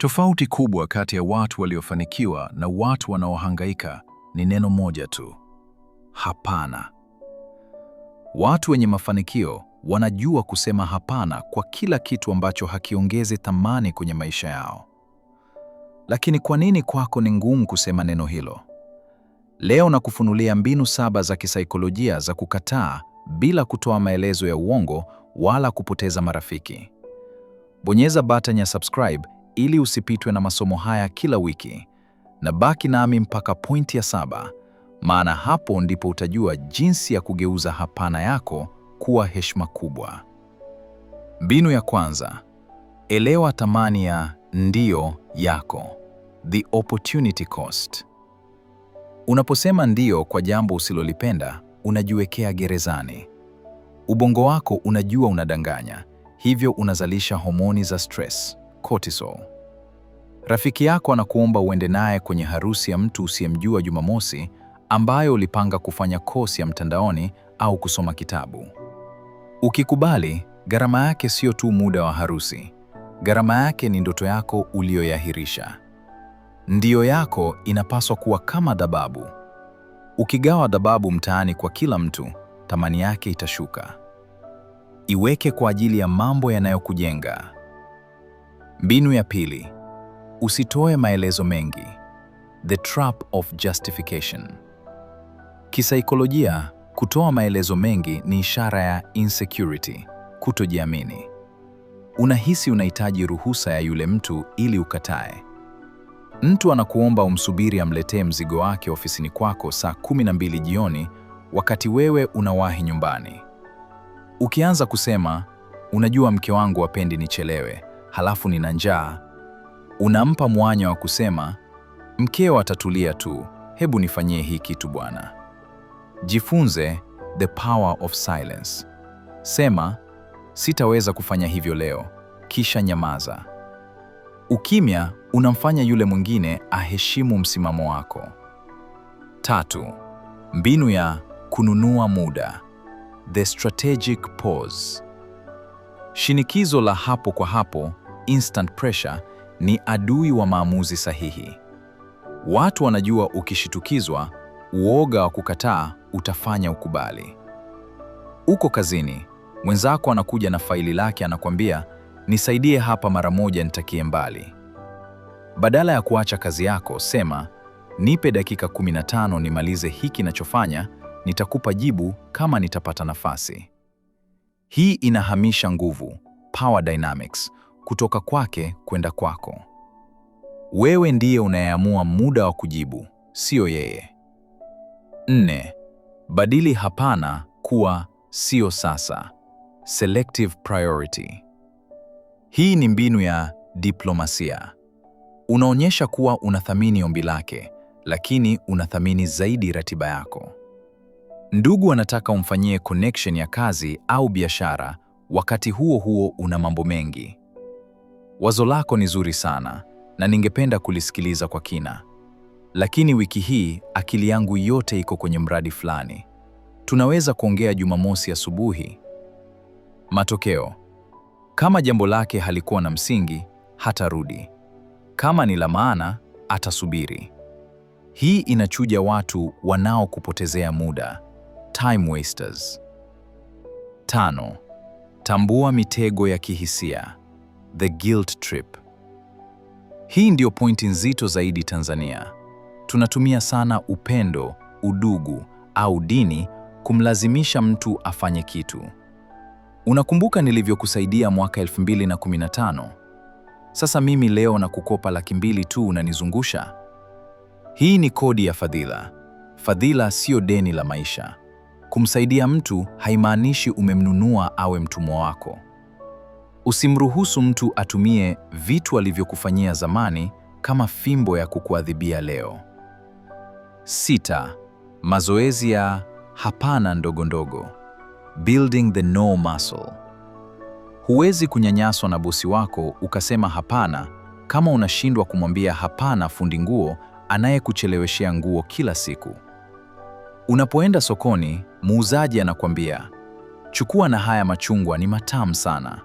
Tofauti kubwa kati ya watu waliofanikiwa na watu wanaohangaika ni neno moja tu: hapana. Watu wenye mafanikio wanajua kusema hapana kwa kila kitu ambacho hakiongezi thamani kwenye maisha yao. Lakini kwa nini kwako ni ngumu kusema neno hilo? Leo na kufunulia mbinu saba za kisaikolojia za kukataa bila kutoa maelezo ya uongo wala kupoteza marafiki. Bonyeza button ya subscribe ili usipitwe na masomo haya kila wiki, na baki nami mpaka pointi ya saba, maana hapo ndipo utajua jinsi ya kugeuza hapana yako kuwa heshima kubwa. Mbinu ya kwanza, elewa thamani ya ndio yako, the opportunity cost. Unaposema ndio kwa jambo usilolipenda, unajiwekea gerezani. Ubongo wako unajua unadanganya, hivyo unazalisha homoni za stress cortisol. Rafiki yako anakuomba uende naye kwenye harusi ya mtu usiyemjua Jumamosi, ambayo ulipanga kufanya kosi ya mtandaoni au kusoma kitabu. Ukikubali, gharama yake sio tu muda wa harusi. Gharama yake ni ndoto yako uliyoyahirisha. ndio yako inapaswa kuwa kama dhababu. Ukigawa dhababu mtaani kwa kila mtu, thamani yake itashuka. Iweke kwa ajili ya mambo yanayokujenga. Mbinu ya pili, usitoe maelezo mengi. The trap of justification. Kisaikolojia, kutoa maelezo mengi ni ishara ya insecurity, kutojiamini. Unahisi unahitaji ruhusa ya yule mtu ili ukatae. Mtu anakuomba umsubiri amletee mzigo wake ofisini kwako saa 12 jioni wakati wewe unawahi nyumbani. Ukianza kusema, unajua mke wangu apendi nichelewe halafu nina njaa, unampa mwanya wa kusema mkeo atatulia tu, hebu nifanyie hii kitu bwana. Jifunze the power of silence. Sema sitaweza kufanya hivyo leo, kisha nyamaza. Ukimya unamfanya yule mwingine aheshimu msimamo wako. Tatu, mbinu ya kununua muda, the strategic pause. Shinikizo la hapo kwa hapo instant pressure ni adui wa maamuzi sahihi. Watu wanajua ukishitukizwa, uoga wa kukataa utafanya ukubali. Uko kazini, mwenzako anakuja na faili lake, anakwambia nisaidie hapa mara moja, nitakie mbali. Badala ya kuacha kazi yako, sema nipe dakika 15 nimalize hiki nachofanya, nitakupa jibu kama nitapata nafasi. Hii inahamisha nguvu, power dynamics kutoka kwake kwenda kwako. Wewe ndiye unayeamua muda wa kujibu, sio yeye. Nne, badili hapana kuwa sio sasa, selective priority. Hii ni mbinu ya diplomasia. Unaonyesha kuwa unathamini ombi lake, lakini unathamini zaidi ratiba yako. Ndugu anataka umfanyie connection ya kazi au biashara, wakati huo huo una mambo mengi. Wazo lako ni zuri sana na ningependa kulisikiliza kwa kina, lakini wiki hii akili yangu yote iko kwenye mradi fulani. Tunaweza kuongea Jumamosi asubuhi? Matokeo: kama jambo lake halikuwa na msingi, hatarudi. Kama ni la maana, atasubiri. Hii inachuja watu wanaokupotezea muda, time wasters. Tano, tambua mitego ya kihisia. The Guilt Trip. Hii ndiyo pointi nzito zaidi Tanzania. Tunatumia sana upendo, udugu au dini kumlazimisha mtu afanye kitu. Unakumbuka nilivyokusaidia mwaka 2015? Sasa mimi leo na kukopa laki mbili tu unanizungusha? Hii ni kodi ya fadhila. Fadhila siyo deni la maisha. Kumsaidia mtu haimaanishi umemnunua awe mtumwa wako. Usimruhusu mtu atumie vitu alivyokufanyia zamani kama fimbo ya kukuadhibia leo. Sita, mazoezi ya hapana ndogo ndogo, building the no muscle. Huwezi kunyanyaswa na bosi wako ukasema hapana kama unashindwa kumwambia hapana fundi nguo anayekucheleweshea nguo kila siku. Unapoenda sokoni, muuzaji anakwambia, chukua na haya machungwa ni matamu sana.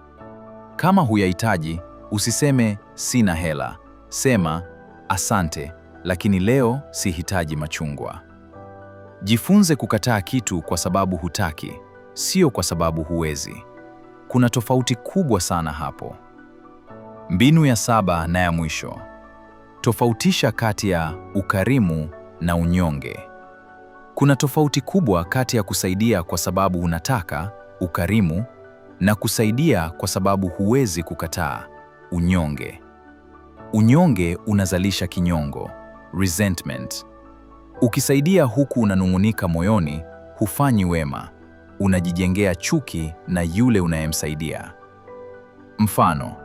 Kama huyahitaji, usiseme sina hela. Sema asante, lakini leo sihitaji machungwa. Jifunze kukataa kitu kwa sababu hutaki, sio kwa sababu huwezi. Kuna tofauti kubwa sana hapo. Mbinu ya saba na ya mwisho. Tofautisha kati ya ukarimu na unyonge. Kuna tofauti kubwa kati ya kusaidia kwa sababu unataka ukarimu na kusaidia kwa sababu huwezi kukataa. Unyonge, unyonge unazalisha kinyongo, resentment. Ukisaidia huku unanung'unika moyoni, hufanyi wema, unajijengea chuki na yule unayemsaidia. Mfano,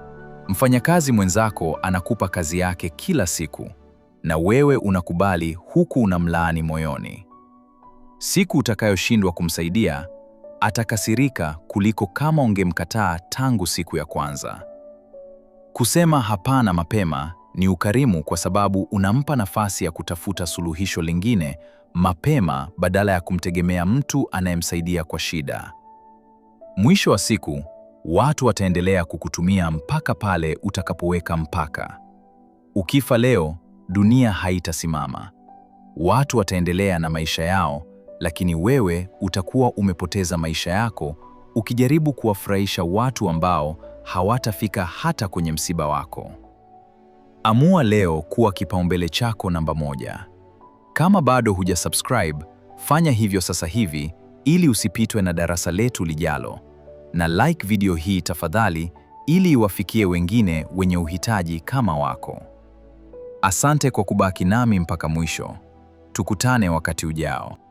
mfanyakazi mwenzako anakupa kazi yake kila siku na wewe unakubali huku unamlaani moyoni. Siku utakayoshindwa kumsaidia atakasirika kuliko kama ungemkataa tangu siku ya kwanza. Kusema hapana mapema ni ukarimu kwa sababu unampa nafasi ya kutafuta suluhisho lingine mapema badala ya kumtegemea mtu anayemsaidia kwa shida. Mwisho wa siku, watu wataendelea kukutumia mpaka pale utakapoweka mpaka. Ukifa leo, dunia haitasimama. Watu wataendelea na maisha yao lakini wewe utakuwa umepoteza maisha yako ukijaribu kuwafurahisha watu ambao hawatafika hata kwenye msiba wako. Amua leo kuwa kipaumbele chako namba moja. Kama bado huja subscribe, fanya hivyo sasa hivi ili usipitwe na darasa letu lijalo, na like video hii tafadhali ili iwafikie wengine wenye uhitaji kama wako. Asante kwa kubaki nami mpaka mwisho. Tukutane wakati ujao.